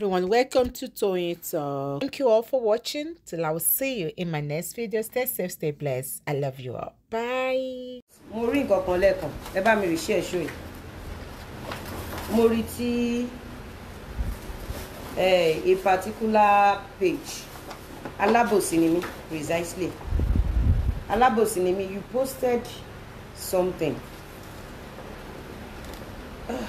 everyone welcome to Toyeen Talks thank you all for watching till i will see you in my next video stay safe stay blessed i love you all bye. mo rí nǹkan kan lẹ́ẹ̀kan ẹ bá mi rí iṣẹ́ ẹ̀ṣọ́ yìí mo rí tí a particular page alábòsí ni mí precisely alábòsí ni mí you posted something. Uh.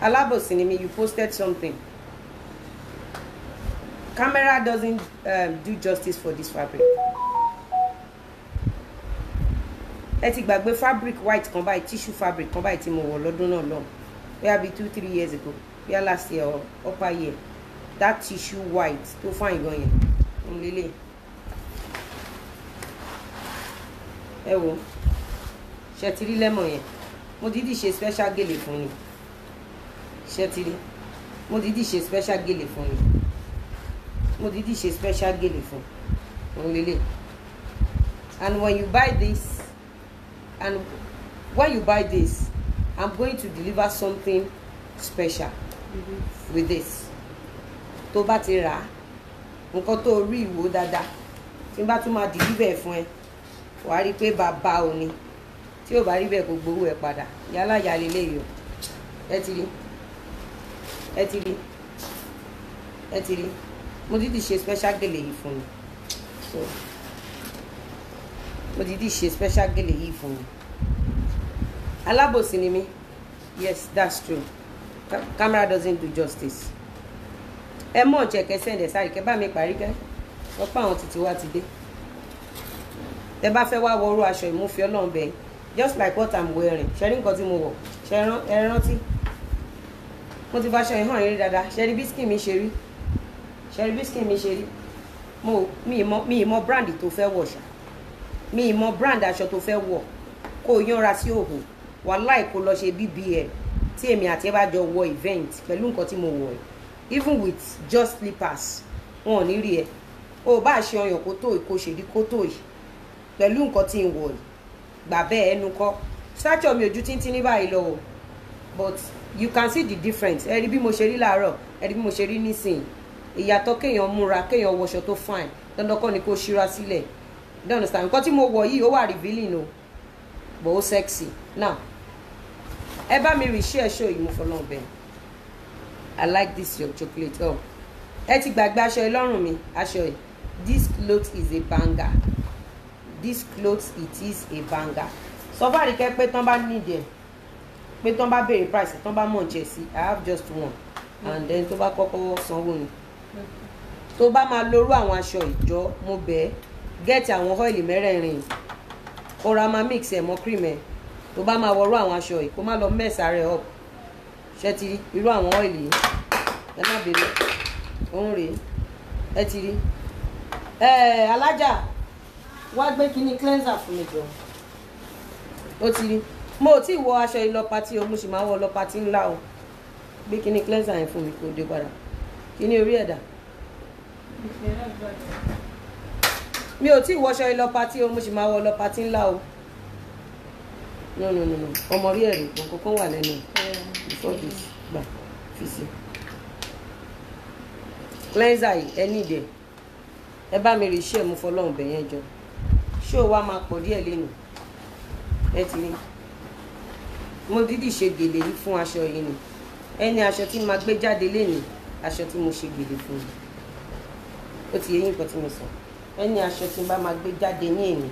Alabo cinema, you posted something camera doesn't um, do justice for this fabric Etik ti gbàgbé fabric white kan báyìí tissue fabric kan báyìí tí mo wọ̀ lọ́dún náà lọ́hùn bóyá bíi two three years ago We are last year or upper year that tissue white tó fine àìgàn yẹn ń lélẹ̀ ẹ wo ṣe ti rí lẹ́mọ̀ yẹn mo dídì ṣe special gèlè fún ni ṣé ti rí mo dìídì ṣe special gèlè fún mi mo dìídì ṣe special gèlè fún òun lélẹ̀ and when you buy this and when you buy this i'm going to deliver something special mm -hmm. with this tó bá ti rà á nǹkan tó rí ìwò dáadáa tí n bá tún máa dìídì ẹ̀ fún ẹ wàá rí i pé bàbá ò ní tí ò bá rí bẹ́ẹ̀ kó gbowó ẹ̀ padà yálà yàrá ilé yìí ẹ ti rí i ẹ ti rí ẹ ti rí mo dídì ṣe special gèlè yìí fún mi so mo dídì ṣe special gèlè yìí fún mi alábòsí ni mí yes that's true camera doesn't do justice ẹ mọ̀ ọ̀jẹ̀ kẹsẹ̀ ẹ̀ sáré kẹ bá mi parí kẹ ọ̀pọ̀ àwọn títí wa ti dé tẹ bá fẹ́ wá wọrú aṣọ ìmúfẹ́ ọlọ́run bẹ́ẹ̀ just like what i'm wearing ṣẹ́rí nǹkan tí mo wọ̀ ṣẹ́rántí mo ti faṣọ ìhàn eré dáadáa ṣẹ́rí bísíkì mi ṣe rí ṣẹ́rí bísíkì mi ṣe rí mo mi ì mọ brand tó fẹ́ wọ̀ ṣá mi ì mọ brand aṣọ tó fẹ́ wọ̀ kó o yánra sí òhò wàláì kó lọ ṣe bbl tí èmi àti ẹ bá jọ wọ event pẹ̀lú nǹkan tí mo wọ̀ ẹ́ even with just slippers wọn ò ní rí ẹ o bá ṣe ọyàn kó tó ìkó ṣèrí kó tó yìí pẹ̀lú nǹkan tí ń wọ̀ yìí gbà bẹ́ẹ̀ ẹnu kọ́ stature mi ojú tíntín ní báyìí lọ but you can see the difference ẹ rí bí mo ṣe rí làárọ̀ ẹ rí bí mo ṣe rí nísìnyí ìyàtọ̀ kéèyàn múra kéèyàn wọṣọ tó fine dandan kọ́ ni kó ṣíra sílẹ̀ you understand nǹkan tí mo wọ̀ yìí ó wà revealing o but ó sexy now ẹ bá mi rìn share show yìí mo fọlọ́ bẹ́ẹ̀ i like this your chocolate oh ẹ ti gbàgbé aṣọ yìí lọ́rùn mi aṣọ yìí this cloth is a banger this cloth it is a banger sọ fún àríkẹ́ pé tán bá nídìí ẹ̀ pé tó ń bá béèrè price tó ń bá mọ̀ jẹ̀ sí i have just one and then tó bá kọ́kọ́ sanwó ni tó bá máa lórú àwọn aṣọ ìjọ mo bẹ̀ ẹ́ gẹ́ẹ̀tì àwọn ọ́ìlì mẹ́rẹ̀ẹ̀rin kó máa mix ẹ̀ mọ́ cream ẹ̀ tó bá máa wọrú àwọn aṣọ yìí kó má lọ mẹ́sà rẹ̀ up ṣe ti irú àwọn ọ́ìlì yìí ẹ má béèrè òun rèé ẹ ti rí ẹ alájà wá gbé kíní cleanser fún mi jọ ó ti rí mo ò tí ì wọ aṣọ ìlọ patí o mo sì máa ń wọ lọ patí ńlá o gbé kíní cleanser yẹn fún mi kó dé padà kíní orí ẹ̀dá. mi ò tí ì wọṣọ ìlọ patí o mo sì máa wọ lọ patí ńlá o no no no ọmọ rí ẹ̀rí nǹkan kan wà lẹ́nu before this gbà fi si cleanser yìí ẹ ní ìdẹ ẹ bá mi rí iṣẹ́ mu fọlọ́run bẹ̀yẹn jọ ṣé o wá máa pọ̀ díẹ̀ lẹ́nu ẹ ti rí i mo dídì ṣe gèlè yìí fún aṣọ yìí ni ẹni aṣọ tí màá gbé jáde lénìí aṣọ tí mo ṣe gèlè fún mi ó ti yẹ yín tí mo sọ ẹni aṣọ tí bá máa gbé jáde ní èmi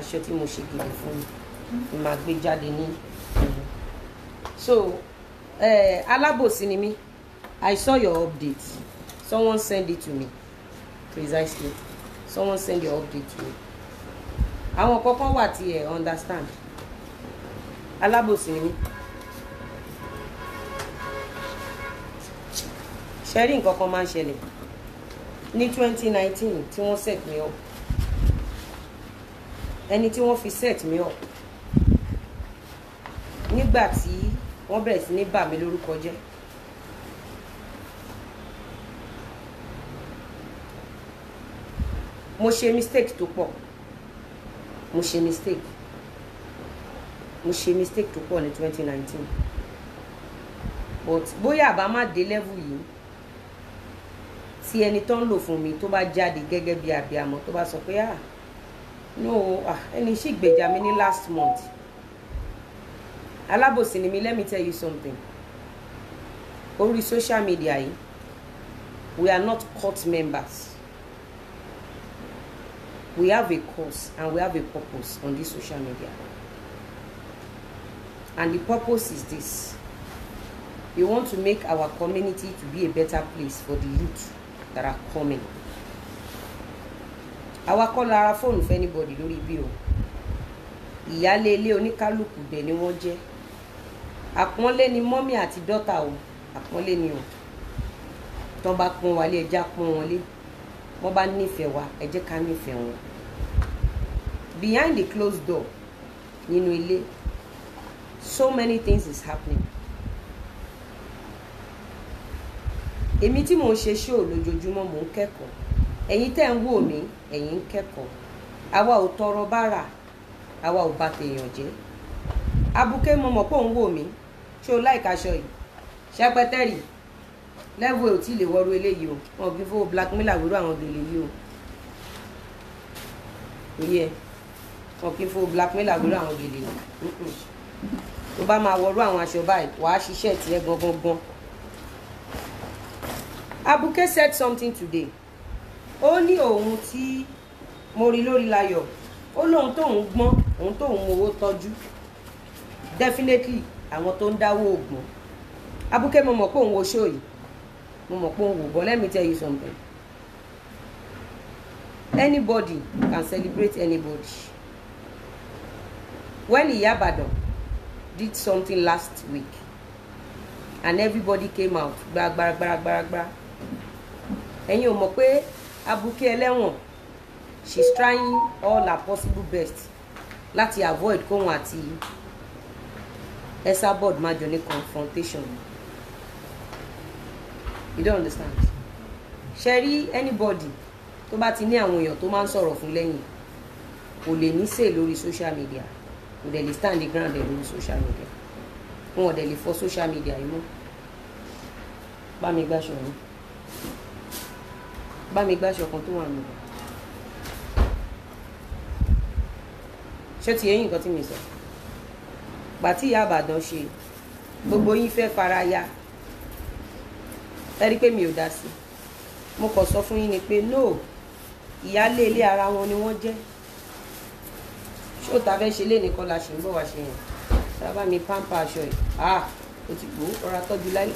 aṣọ tí mo ṣe gèlè fún mi màá gbé jáde ní èmi so eh, alábòsí ni mí I saw your update someone send it to me precisely someone send your update to me àwọn kọ́kọ́ wà tí ẹ understand alábòsí ni mí. ṣe rí nǹkan kan máa ń ṣẹlẹ̀ ní twenty tí wọ́n set me up ẹni tí wọ́n fi set me up nígbà tí wọ́n bẹ̀rẹ̀ sí ní bà mí lórúkọ jẹ́ mo ṣe mistake tó pọ̀ mo ṣe mistake mo ṣe mistake tó pọ̀ ní 2019, but bóyá àbá má dé level yìí tí ẹni tó ń lò fún mi tó bá jáde gẹ́gẹ́ bí abiyamọ tó bá sọ pé ah no ah ẹni sì gbèjà mi ní last month alábòsí ni mi let me tell you something orí social media yìí we are not court members we have a cause and we have a purpose on this social media and the purpose is this we want to make our community to be a better place for the youth that are coming àwa call our phone if anybody lórí bí o ìyáálé ilé oníkálukú dẹ̀ ni wọ́n jẹ́ àpọ́nlé ni mọ́mí àti dọ́tà o àpọ́nlé ni o tọ́ bá pọ́n wa lé ẹja pọ́n wọn lé wọ́n bá nífẹ̀ẹ́ wa ẹ ká nífẹ̀ẹ́ wọn behind the closed door nínú ilé so many things is happening èmi tí mò ń ṣe ṣóò lójoojúmọ́ mò ń kẹ́kọ̀ọ́ ẹ̀yin tẹ́ ń wò mí ẹ̀yin ń kẹ́kọ̀ọ́ àwa ò tọrọ bárà àwa ò bà tèèyàn jẹ́ abuké mo mọ̀ pé wò mí ṣé o láì yìí ṣẹpẹtẹrì lẹ́wọ̀ ò tí ì lè wọ́rú eléyìí o wọn kì í fowó blackmail àwòrú àwọn gèlè yìí o òye wọn kì í fowó blackmail àwòrú àwọn gèlè yìí tó bá máa wọrú àwọn aṣọ báyìí wàá ṣiṣẹ́ tiẹ̀ gangan gan. Abuke said something today ó ní òun tí mo rí lórí Láyọ̀ ó lóun tóun gbọ́n òun tóun owó tọ́jú definitely àwọn tó ń dáwó ògbọ́n Abuke mo mọ̀ pé òun wo ṣó yìí mo mọ̀ pé òun wò bọ́ let me tell you something anybody can celebrate anybody when Ìyá Ìbàdàn did something last week and everybody came out gbaragbaragbaragbaragba ẹ̀yin ò mọ̀ pé abuké ẹlẹ́wọ̀n she's trying all her possible best láti avoid kóhun àti Esabod máa jọ ní confrontation you don't understand ṣe rí anybody tó bá ti ní àwọn èèyàn tó máa ń sọ̀rọ̀ fún lẹ́yìn kò lè ní sè lórí social media kò dẹ̀ lè stand the ground ẹ̀ lórí social media fún wọn dẹ̀ lè fọ social media yìí mọ́ bá mi gbàṣọ mi bá mi gbàṣọ kan tó wà nù. ṣé ti eyín nǹkan tí mi sọ pàtí ìyá àbàdàn ṣe gbogbo yín fẹ́ fara ya ẹ rí i pé mi ò dá sí i mo kàn sọ fún yín ni pé no ìyáálé ilé ara wọn ni wọ́n jẹ́ ṣó ta fẹ́ ṣe lé nìkan la ṣe ń bọ̀ wá ṣe yẹn sábà mi pampa aṣọ yìí ah o ti gbó ọ̀rá tọ́jú láìlò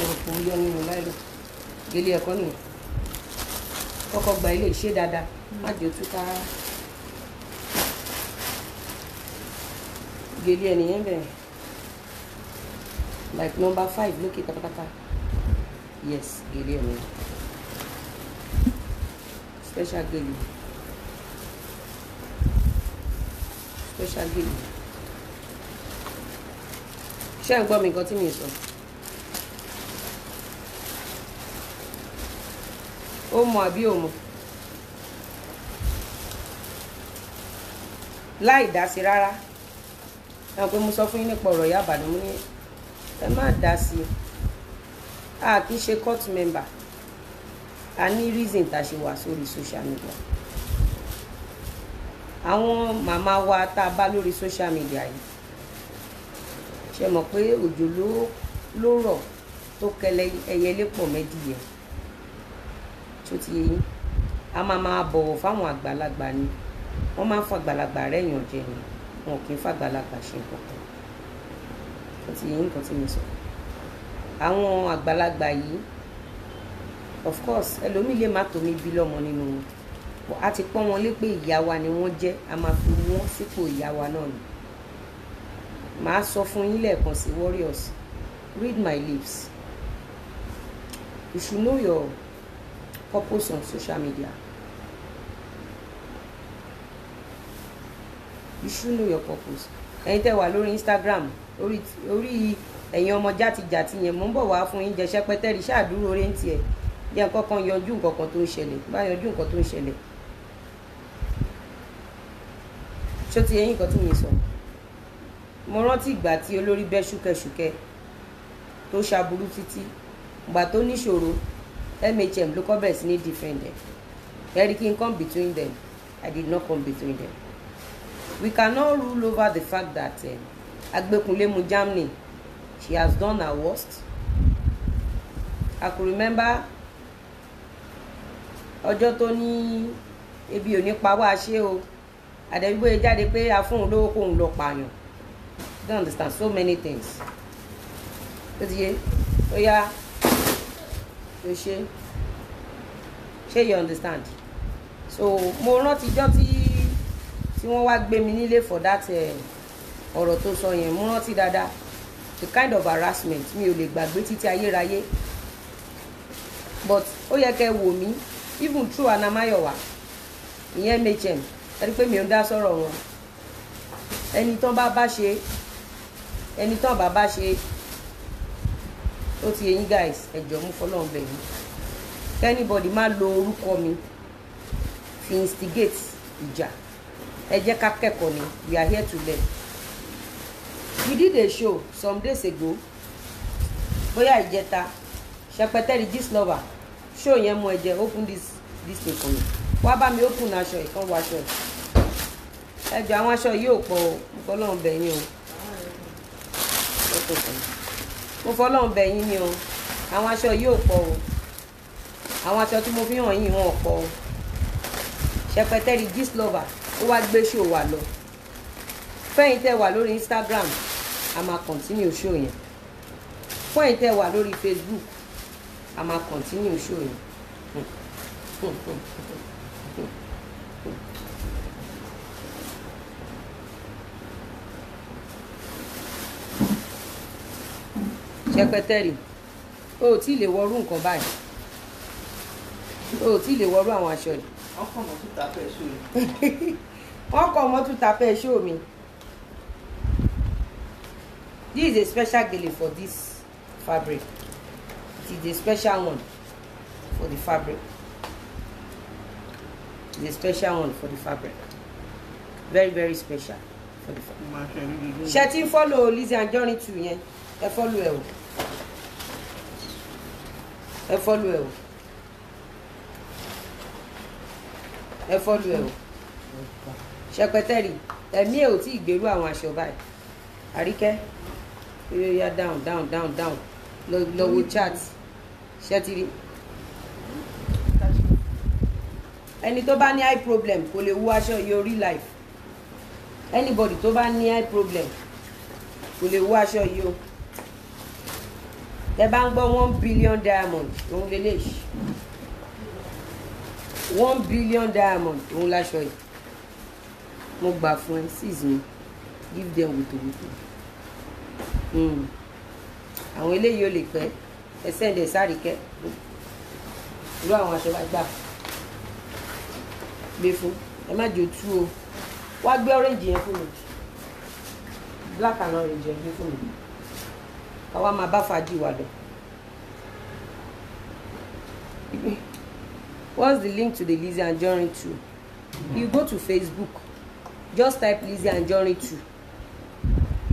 òrùkù yọ nínú láìlò gèlè ẹ̀kọ́ nìyẹn kọ́kọ́ gba ilé ìṣe dáadáa má jẹ́ tú ká gèlè ẹ̀nìyẹn bẹ̀rẹ̀ like number five lókè pátápátá yes gèlè ẹ̀nìyẹn special gèlè. special bill ṣé ń gbọ́ mi nǹkan tí mi sọ ó mọ àbí ò mọ láì dá sí rárá ẹ̀wọ̀n pé mo sọ fún yín nípa ọ̀rọ̀ Ìyá Ìbàdàn mo ní ẹ má dá sí i a kì í ṣe court member a ní reason tá a ṣe wà sórí social media àwọn màmá wa tá a bá lórí social media yìí ṣe mọ̀ pé òjò ló ló rọ̀ tó kẹlẹ̀ ẹyẹlé pọ̀ mẹ́dìyẹ tó ti yẹyìn a máa máa bọ̀wọ̀ fáwọn àgbàlagbà ni wọ́n máa ń fàgbàlagbà rẹ̀yàn jẹ ni wọn kì í fàgbàlagbà ṣe nǹkan kan tó ti yẹyìn nǹkan tí mo sọ àwọn àgbàlagbà yìí of course ẹlòmíì lè má tó mi bí lọ́mọ nínú wọn a ti pọ́n wọn lé pé ìyá wa ni wọ́n jẹ́ a máa fi wọ́n sípò ìyá wa náà ni màá sọ fún yín lẹ́ẹ̀kan sí warriors read my lips you should know your purpose on social media you should know your purpose ẹ̀yin tẹ́ wà lórí instagram orí orí ẹ̀yin ọmọ játijàti yẹn mò ń bọ̀ wá fún yín jẹ́ sẹ́pẹ́tẹ́rì ṣáàdúró orí ń tiẹ̀ jẹ́ nǹkan kan yanjú nǹkan kan tó ń ṣẹlẹ̀ bá yanjú nǹkan tó ń ṣẹlẹ̀ ṣó ti yẹn nǹkan tí mi sọ mo rántí ìgbà tí olórí bẹ́ ṣúkẹṣúkẹ tó ṣàbùrú títí ìgbà tó níṣòro MHM ló kọ́ bẹ̀rẹ̀ sí ní defend Eric n come between them I did not come between them we cannot rule over the fact that um, eh, Agbekunlemu Germany she has done her worst I could remember ọjọ́ tó ní ebi ò ní pa wá ṣé o àdẹ́gbẹ́ e jáde pé a fún un lówó kó òun lọ pààyàn don't understand so many things ó ti yé ó yá ó ṣe ṣé you understand so mo rántí ijọ́ tí tí wọ́n wá gbé mi nílé for that eh, ọ̀rọ̀ tó sọ yẹn mo rántí dáadáa the kind of harassment mi ò lè gbàgbé títí ayérayé but ó yẹ kẹ́ wò mí even through Anamayowa ìyẹn mhm ẹni pé mi ò ń dá sọ̀rọ̀ wọn ẹni tán bá bá ṣe ẹni tán bá bá ṣe ó ti yẹyin guys ẹjọ mú fọlọ́n bẹ̀ yìí kẹ́nìbọ̀dì má lo orúkọ mi fi instigate ìjà ẹ jẹ́ ká kẹ́kọ̀ọ́ ni we are here to learn we did a show some days ago bóyá ìjẹta ṣẹpẹtẹ́rì gist lover show yẹn mú ẹ open this this thing for me wá bá mi open aṣọ ìkan wọ aṣọ ẹ jọ àwọn aṣọ yìí ò pọ̀ o mo fọlọ́run bẹ̀ yín o mo fọlọ́run bẹ̀ yín ni o àwọn aṣọ yìí ò pọ̀ o àwọn aṣọ tí mo fi hàn yín wọn ò pọ̀ o ṣẹpẹtẹri gist lover ó wá gbé ṣó wà lọ fẹ́yìn tẹ́ wà lórí Instagram a máa continue ṣó yẹn fẹ́yìn tẹ́ wà lórí Facebook a máa continue ṣó yẹn. ṣẹpẹtẹrì o ò tí ì lè wọrú nǹkan báyìí o ò tí ì lè wọrú àwọn aṣọ yìí. wọ́n kọ̀ mọ́ tún tapẹ́ ṣó mi. wọ́n kọ̀ mọ́ tún tapẹ́ ṣó mi. this is a special gele for this fabric it is a special one for the fabric it is a special one for the fabric very very special for the fabric. ṣe ti ń fọ́lọ̀ Lizzy Anjorin tù yẹn ẹ fọ́lọ̀ ẹ o ẹ fọ́lù ẹ o ẹ fọ́lù ẹ o ṣẹpẹtẹrì ẹ̀mí ẹ̀ ò tí ì gbèrú àwọn aṣọ báyìí àríkẹ́ yíyá down down down down lọ wo chat ṣẹ́tìrì ẹni tó bá ní eye problem kò lè wú aṣọ yorí life anybody tó bá ní eye problem kò lè wú aṣọ yìí tẹ bá ń gbọ́ one billion diamond òun lélẹ́yìí one billion diamond òun láṣọ yìí mo gbà fún ẹ six mi give them wòtòwòtò hmm. àwọn eléyìí ò lè pẹ́ ẹ sẹ́ndì ẹ̀ sáré kẹ́ irú àwọn aṣọ wa gbà gbé fún ẹ má jò tú o wá gbé orange yẹn fún mi black and orange yẹn gbé fún mi káwa máa bá fàájì wa lọ. What's the link to the Lizzy Johnny too? You go to Facebook, just type Lizzy Johnny too.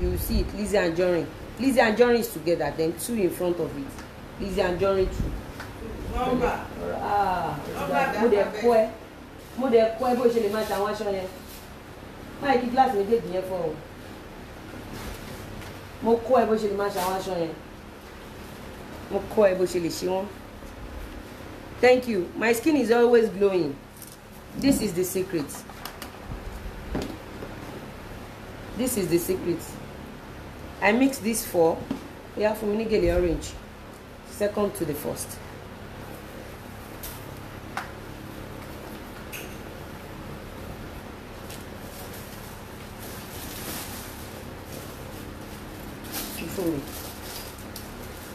You see it, Lizzy Anjorin. Lizzy Johnny is together, then two in front of it. Lizzy Anjorin too. Nọ́mbà. Ah, mo dẹ̀ kọ́ ẹ, mo dẹ̀ kọ́ ẹ bó ṣe lè máa ṣe àwọn aṣọ yẹn. Máa kí gíláàsì méjèèjì yẹn fọ́ o mo kọ́ ẹ bó ṣe lè máa ṣe yẹn mo kọ́ ẹ bó ṣe lè ṣe wọ́n thank you my skin is always glowing this is the secret this is the secret i mix this four oya fún mi ní gèlè orange second to the first.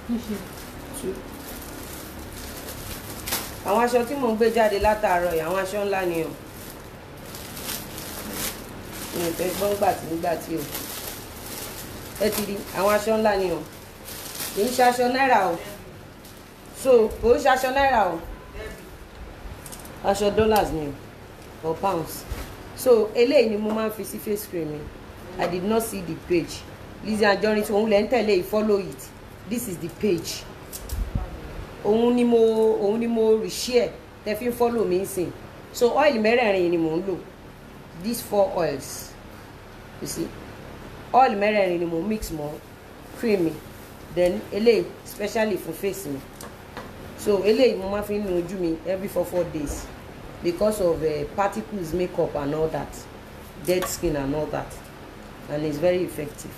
two àwọn aṣọ tí mò ń gbé jáde látàárọ̀ yìí àwọn aṣọ ńlá ni o mi ò fẹ́ gbọ́n gbà tí nígbà tí o ẹ ti rí àwọn aṣọ ńlá ni o kì í ṣaṣọ náírà o so kò ń ṣaṣọ náírà o aṣọ dollars ni o or pounds so eléyìí ni mo máa ń fi sí face cream mi i did not see the page Lizzie Anjorin tí òun lẹ́ ń tẹ̀lé follow it this is the page òun ni mo òun ni mo reshare tẹ fi follow me, nsìn so oil mẹ́rẹ̀ẹ̀rin ni mò ń lò these four oils you see oil mẹ́rẹ̀ẹ̀rin ni mo mix mọ́ cream mi then eléyìí specially for face mi so eléyìí mo máa fi ń nu ojú mi every four four days because of uh, particles makeup and all that dead skin and all that and it's very effective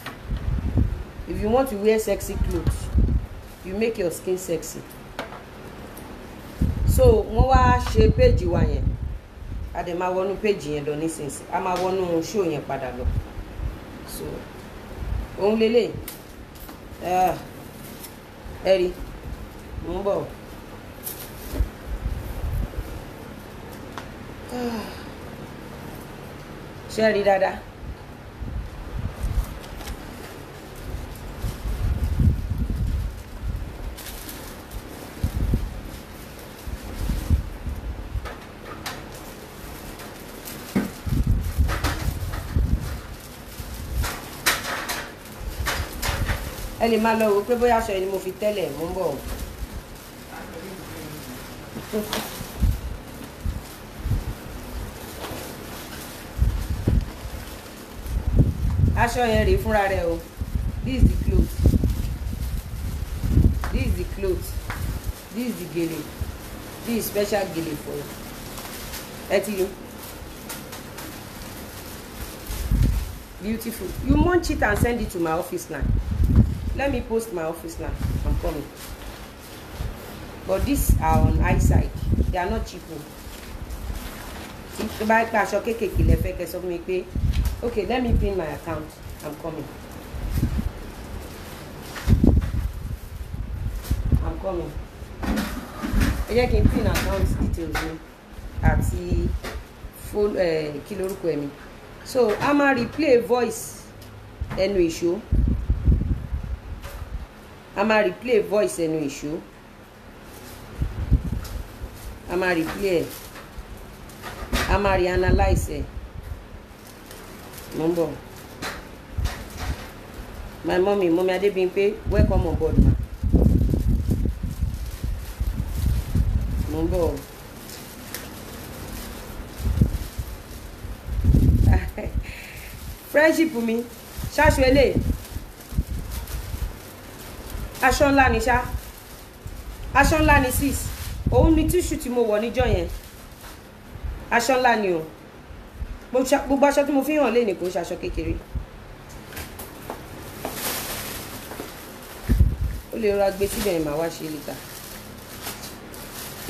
if you want to wear sexy clothes you make your skin sexy so wọ́n wá ṣe péjì wa yẹn a dẹ̀ máa wọnú péjì yẹn lọ nísinsìnyí a máa wọnú ṣó yẹn padà lọ so òun lélẹ̀ ah, ẹ rí mò ń bọ̀ ah, ṣe rí dáadáa. ẹ lè máa lọ wò pé bóyá aṣọ yìí ni mo fi tẹ́lẹ̀ mú bọ̀. aṣọ yẹn rèé fúnra rẹ o this is the cloth this is the cloth this is the gele this is special gele for you ẹ ti rí beautiful you munch it and send it to my office now let me post my office now i'm coming but these are on high side they are not cheap o tí tó bá pa aṣọ kéékèèké lẹ́fẹ́ kẹ́ sọ okay let me pin my account i'm coming i'm coming I can kí pin account details mi àti Full. Eh, lorúkọ ẹ̀ mi so a máa replay voice ẹnu ìṣó a máa replay voice ẹnu ìṣó a máa replay ẹ̀ a máa reanalyze ẹ̀ mo ń bọ̀ my mummy mummy Adébímpé welcome on board ma mo ń bọ̀ friendship mi ṣáṣu eléyìí aṣọ ńlá ni ṣá aṣọ ńlá ni sis òun ni tíṣù tí mo wọ̀ níjọ́ yẹn aṣọ ńlá ni o gbogbo aṣọ tí mo fi hàn lé ní kò ń ṣaṣọ kékeré ó lè rọra gbé síbẹ̀ yẹn màá wá ṣe lítà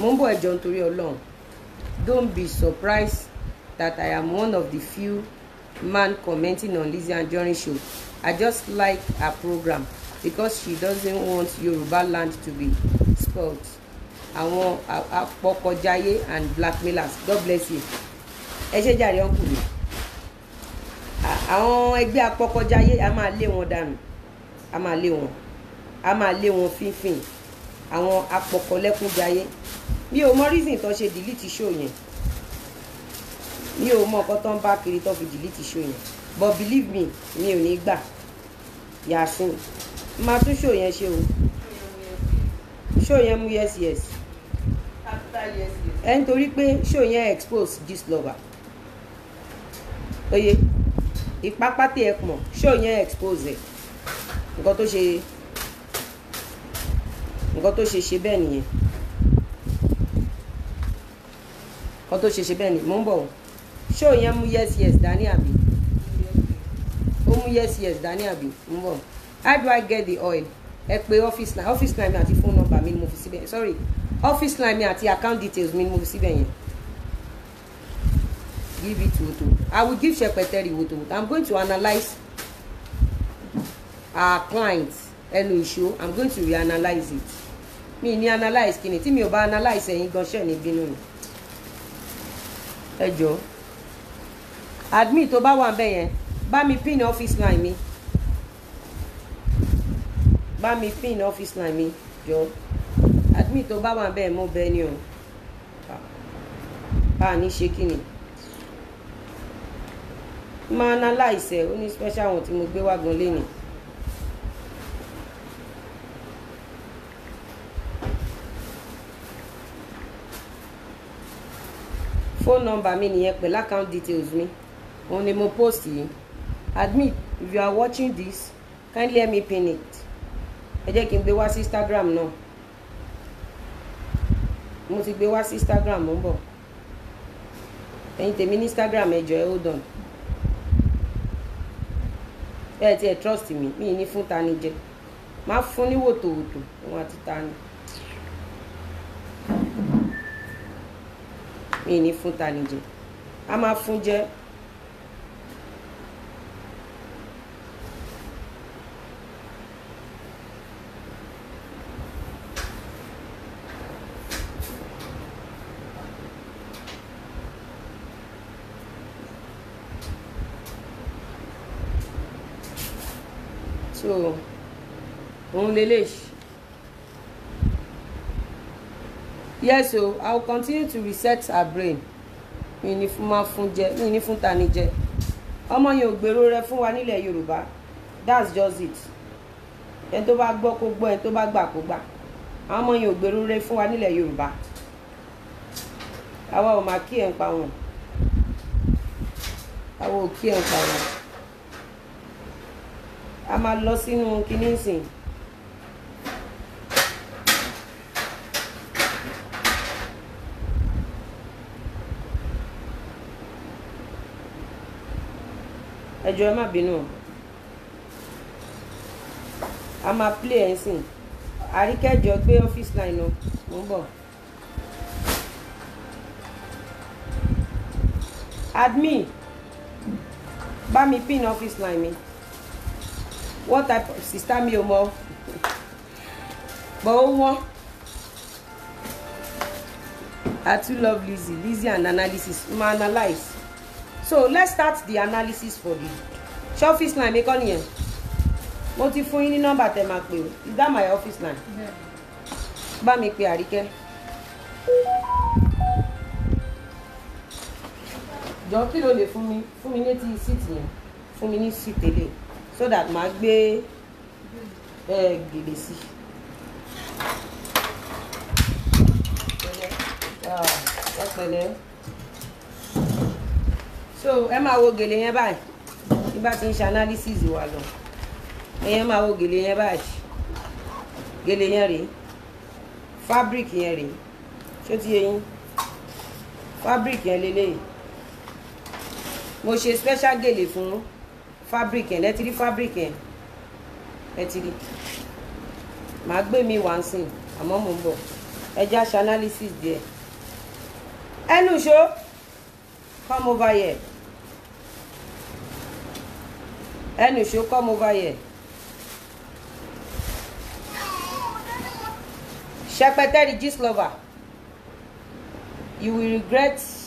mo ń bọ̀ ẹ̀jọ̀ nítorí ọlọ́run don't be surprised that I am one of the few man commenting on Lizzy Anjorin show I just like her program because she doesn't want Yoruba land to be spoilt àwọn apọkọjáyé and blackmailers God bless you ẹ ṣe jàre ọkùnrin àwọn ẹgbẹ́ apọkọjáyé a máa lé wọn dànù a máa lé wọn a máa lé wọn fínfín àwọn apọkọlẹ́kúnjayé mi ò mọ reason tó ṣe delete show yẹn mi ò mọ nǹkan tó ń bá kiri tó fi delete show yẹn but believe me mi ò ní gbà yàtún máa tún ṣò yẹn ṣe o ṣò yẹn mú yes yes ẹ nítorí pé ṣò yẹn expose gist lover oye ìpápátẹ ẹ pọ̀ ṣò yẹn expose ẹ nǹkan tó ṣe nǹkan tó ṣe ṣe bẹ́ẹ̀ nìyẹn nǹkan tó ṣe ṣe bẹ́ẹ̀ ni mò ń bọ̀ ṣò yẹn mú yes yes dání àbí ó mú yes yes dání àbí mò ń bọ̀ how do i get the oil ẹ pè office line office line mi àti phone number mi ni mo fi síbẹ̀ sorry office line mi àti account details mi ni mo fi síbẹ̀ yẹn give it woto i will give sepeteri woto woto i'm going to analyse our client ẹnu ìṣó i'm going to reanalyse it mi ni analyse kini tí mi ò bá analyse ẹ̀yin gan ṣẹ̀ ní bínú mi ẹ jọ Admit, tó bá wà ń bẹ̀ yẹn bá mi pin office line mi bá mi pin office line mi jọ admin tó bá wà bẹ́ẹ̀ mo bẹ ni o a ní ṣe kí ni máa analyze ẹ ó ní special one tí mo gbé wá gan lénìí. phone number mi nìyẹn pẹ̀lú account details mi òun ni mo post yìí admin if you are watching this kindly help me pin it ẹ jẹ́ kí n gbé wá sí Instagram náà mo ti gbé wá sí Instagram mo ń bọ̀ ẹ̀yin tèmi ní Instagram ẹ jọ̀ọ́ hold on bẹ́ẹ̀ tí ẹ trust mi mi ní fún tani jẹ má fún ní wòtòwòtò òun àti tani mi ní fún tani jẹ a máa fún jẹ òun lélẹ̀ yes so i will continue to reset her brain mi ní fún máa fún jẹ mi ní fún tani jẹ ọmọ yẹn ò gbèrò rẹ fún wa nílẹ̀ yorùbá that's just it ẹni tó bá gbọ́ kó gbọ́ ẹni tó bá gbà kó gbà àwọn ọmọ yẹn ò gbèrò rẹ fún wa nílẹ̀ yorùbá àwa ò máa kí ẹ̀ ń pa wọn àwa ò kí ẹ̀ ń pa wọn a máa lọ sínú kinní ẹ jọ̀ọ́ ẹ má bínú a máa play ẹ̀ sìn àríkẹ́jọ gbé office line o mo ń bọ̀. admin bá mi pin office line mi what type of sister mi ò mọ bọ́ ó wọ́n i too love Lizzy Lizzy and analysis ma analyse so let's start the analysis for the office line Make on here. mo ti fún yín ní nọ́mbà tẹ máa pè is that my office line bá mi pe àríkẹ́ jọ kí ló lè fún mi fún mi létí síìtì yẹn fún mi ní síìtì eléyìí so that màá gbé gèlè sí i. Ah, that's my name so ẹ máa wo gèlè yẹn báyìí bí bá ti ń ṣe analysis wa lọ ẹyẹn máa wo gèlè yẹn báyìí gèlè yẹn rèé fabric yẹn rèé ṣó ti yẹ yín fabric yẹn leléyìí mo ṣe special gèlè fún fabric yẹn lẹ́tí rí fabric yẹn ẹ ti rí màá gbé mi wá sí àmọ́ mò ń bọ̀ ẹja ṣe analysis díẹ̀ ẹnu ṣó come over here. And you should come over here. Shepete, the gist lover. You will regret